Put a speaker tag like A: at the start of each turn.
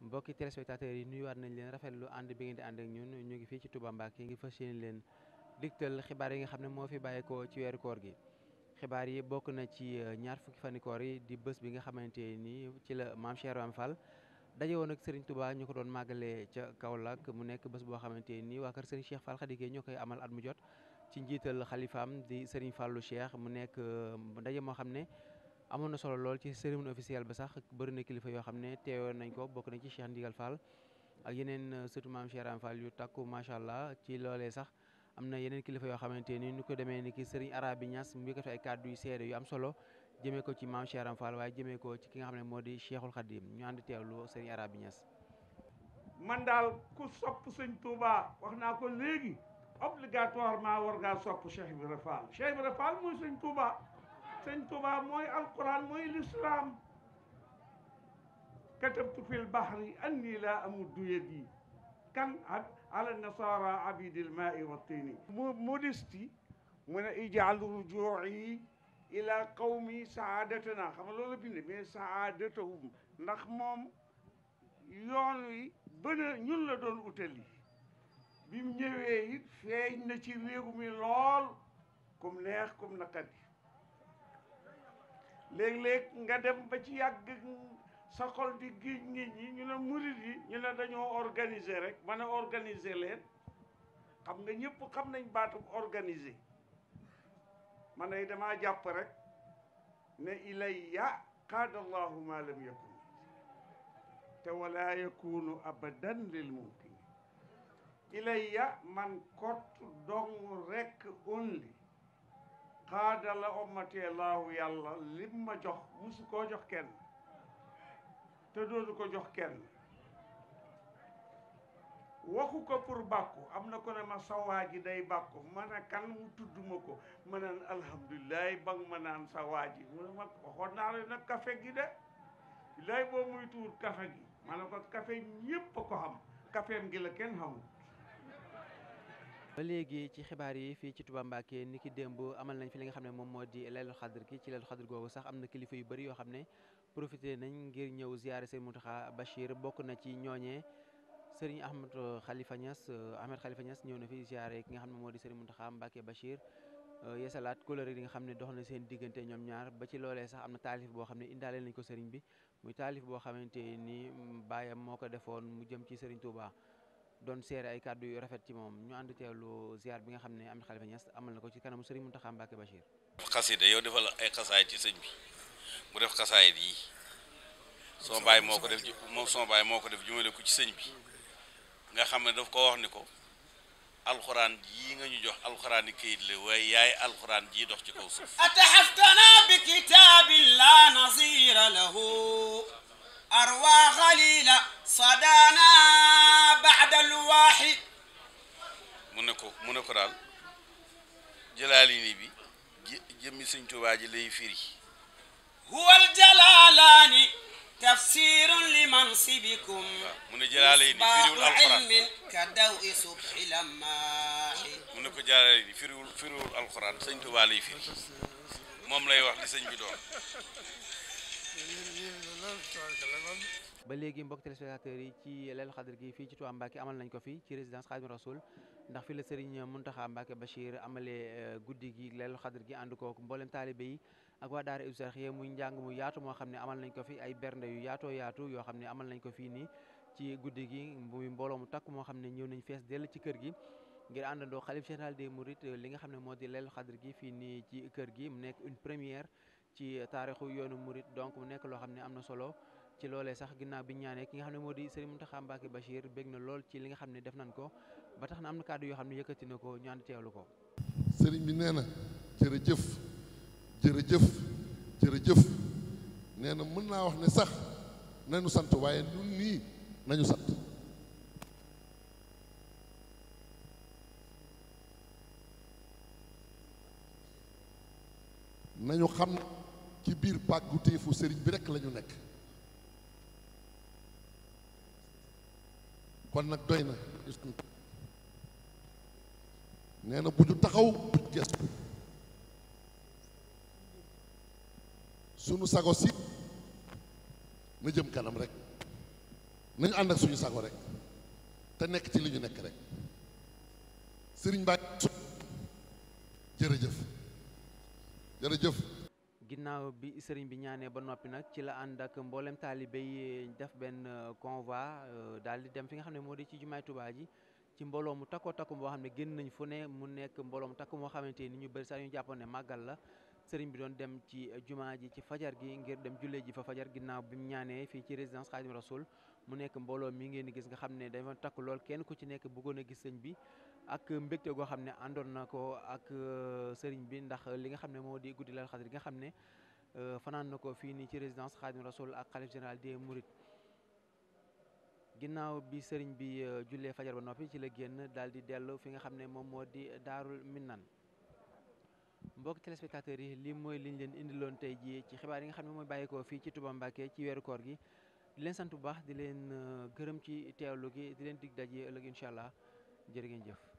A: mbokki téléspectateurs yi nuyuwaat nañ leen rafetlu ànd bi ngeen di ànd ak ñun ñu ngi fii ci Touba Mbacké ngi fas yéene leen digtal xibaar yi nga xam ne moo fi bàyyeekoo ci weeru koor gi xibaar yi bokk na ci euh, ñaar fukki fani yi di bës bi nga xamante nii ci la maam Cheikh Ibrahima Fall daje woon ak Serigne tubaa ñu ko doon màggalee ca Kaolack mu nekk bés boo xamante ni waa kër Serigne Cheikh Fall Khadiké ñoo koy amal at mu jot ci njiital xalifaam di Serigne Fallou Cheikh mu nekk ndaje euh, moo xam ne amoon na solo lool ci cérémonie officielle ba sax bëri na kilifa yoo xam ne teewoon nañ ko bokk na ci Cheikh Ndigal Fall ak yeneen euh, surtout maam Cheikh Ram Fall yu takku macha ci loolee sax am na kilifa yoo xamante ni ko demee ni ki Serigne Arabi Niass mu yëkkati ay kàddu yu seede yu am solo jëmee ko ci maam Cheikh Ram Fall waaye jëmee ko ci ki nga xam ne Cheikhul Khadim ñu ànd teewlu Serigne Arabi Niass.
B: man daal ku sopp sëñ Touba wax naa ko léegi obligatoirement war ngaa sopp Cheikh Ibrahima Fall Cheikh Ibrahima Fall Touba. سن توبا موي القران موي الاسلام كتبت في البحر اني لا امد يدي كان على النصارى عبيد الماء والطين مودستي من اجعل رجوعي الى قومي سعادتنا خم لولا بين مي سعادتهم نخ موم يون بن نون لا دون اوتلي بيم نيوي فاي نتي ريغومي لول كوم نيه كوم نقدي léeg-léeg nga dem ba ci yàgg sa xol di giiñ nit ñi ñu ne murit yi ñu ne dañoo organiser rek ma ne organiser leen xam nga ñëpp xam nañ baatub organiser man ay damaa jàpp rek ne ilayya qaadallahu ma lam yakun te wala yakunu abadan lil mumkin ya man kott dong rek only xaadala ummati allahu yàlla lim ma jox musu koo jox kenn te dootu ko jox kenn waxu ko pour bàkku am na ko ne ma sawaa ji day bàkku ma ne kan mu tudd ma ko ma naan alhamdulilah ba nga ma naan sawaa ji mu ne ma waxoon naa la nag gi de lay boo muy tuur café gi ma ne ko café ñépp a ko xam caféem gi la kenn xamul
A: ba léegi ci xibaar yi fii ci Touba Mbacké ni ki démb amal nañ fi li nga xam ne moom moo di leelu xadr ki ci leelu xadr googu sax am na kilifa yu bëri yoo xam ne profité nañ ngir ñëw ziyaare Serigne Mountakha Bachir bokk na ci ñooñee Serigne Ahmed xalifa ñas euh, Ahmed Khalifa Niass ñëw na fi ziyaare ki nga xam ne moo di Serigne Mountakha Mbacké Bachir euh, yeesalaat kóllëre yi nga xam ne dox na seen diggante ñoom ñaar ba ci loolee sax am na taalif boo xam ne indaale nañ ko Serigne bi muy taalif boo xamante ni baayam moo ko defoon mu jëm ci Serigne don séré ay kàddu yu rafet ci mom ñu ànd teelu ziar bi nga xamné ne Ahmed Khalifa Niass amal nako ci kanamu Serigne Mountakha mbake Bachir.
B: xasida yow defal ay xasaay ci serigne bi mu def xasaayit yi so bay moko def ci mo so bay moko def jumale ko ci serigne bi nga xamné daf ko wax niko alquran yi nga ñu jox alquran ni kayit le way yaay alquran ji dox ci kaw suuf ataxaftana bi kitaabin nazira lahu arwa khalila sadana هذا الواحد منكو منكو رال جلالي نبي جمي سن توبا جلي فيري هو الجلالاني تفسير
A: لمنصبكم
B: من جلالي فيري القران
A: كدوء صبح لما
B: منكو جلالي فيري فيري القران سن توبا لي فيري مام لاي واخ لي سن بي دون
A: ba léegi mbokk téléspectateurs yi ci leel xadar gi fii ci Touba Mbacké amal nañ ko fi ci résidence Khadim Rasoul ndax fii la Serigne Mountakha Mbacké Bachir amalee guddi gi leel xadar gi ànd kook mboolem taalibe yi ak waa daara Ibsaxiya muy njàng mu yaatu moo xam ne amal nañ ko fi ay bernde yu yaatoo yaatu yoo xam ne amal nañ ko fii nii ci guddi gi muy mbooloo mu takk moo xam ne ñëw nañ fees dell ci kër gi ngir àndandoo xalif général des Mourides li nga xam ne moo di leelu xadar gi fii nii ci kër gi mu nekk une première ci taarixu yoonu Mouride donc mu nekk loo xam ne am na solo ci loolee sax ginnaaw bi ñaanee ki nga xam ne moo di Serigne Mountakha Mbacké Bachir bég na lool ci li nga xam ne def nañ ko ba tax na am na kàddu yoo xam ne yëkkati na ko ñu ànd teewlu ko.
C: Serigne bi nee na jërëjëf jërëjëf jërëjëf nee mën naa wax ne sax nañu sant waaye ñun nii nañu sant. nañu xam ci biir pàggu téefu sëriñ bi rekk la ñu nekk kon nag doy na nee na bu ñu taxaw bu ñu gestu suñu sago si na jëm kanam rek nañu ànd ak suñu sago rek te nekk ci li ñu nekk rek sëriñ Mbacke jërëjëf
A: jërëjëf ginnaaw bi sëriñ bi ñaanee ba noppi nag ci la ànd ak mboolem taalibe yi def benn euh, convoi euh, daal di dem fi nga xam ne moo di ci jumaay Tuubaa ji ci mbooloo mu takkoo takku boo xam ne génn nañ fu ne mu nekk mbooloo mu takku moo xamante ni ñu bëri sax ñu jàppoon màggal la sëriñ bi doon dem ci euh, jumaa ji ci fajar gi ngir dem jullee ji fa fajar ginnaaw bi mu ñaanee fii ci résidence Xaadim Rasul mu nekk mbooloo mi ngeen di gis nga xam ne dafa takk lool kenn ku ci nekk bëggoon gis sëñ bi ak mbégte goo xam ne àndoon na ko ak euh, sëriñ bi ndax li nga xam ne moo di guddi lal xadr gi nga xam ne euh, fanaan na ko fii nii ci résidence Xaadim Rasul ak xalif général des ginnaaw bi sëriñ bi euh, jullee fajar ba noppi ci la génn daal di dellu fi nga xam ne moom moo di daarul minnan mbokk téléspectateurs yi lii mooy liñ leen indiloon tey jii ci xibaar yi nga xam ne mooy bàyyeekoo fii ci Touba Mbacké ci weeru koor gi di leen sant bu baax di leen euh, gërëm ci teewlu gi di leen dig daje ëllëg incha allah jërë jëf.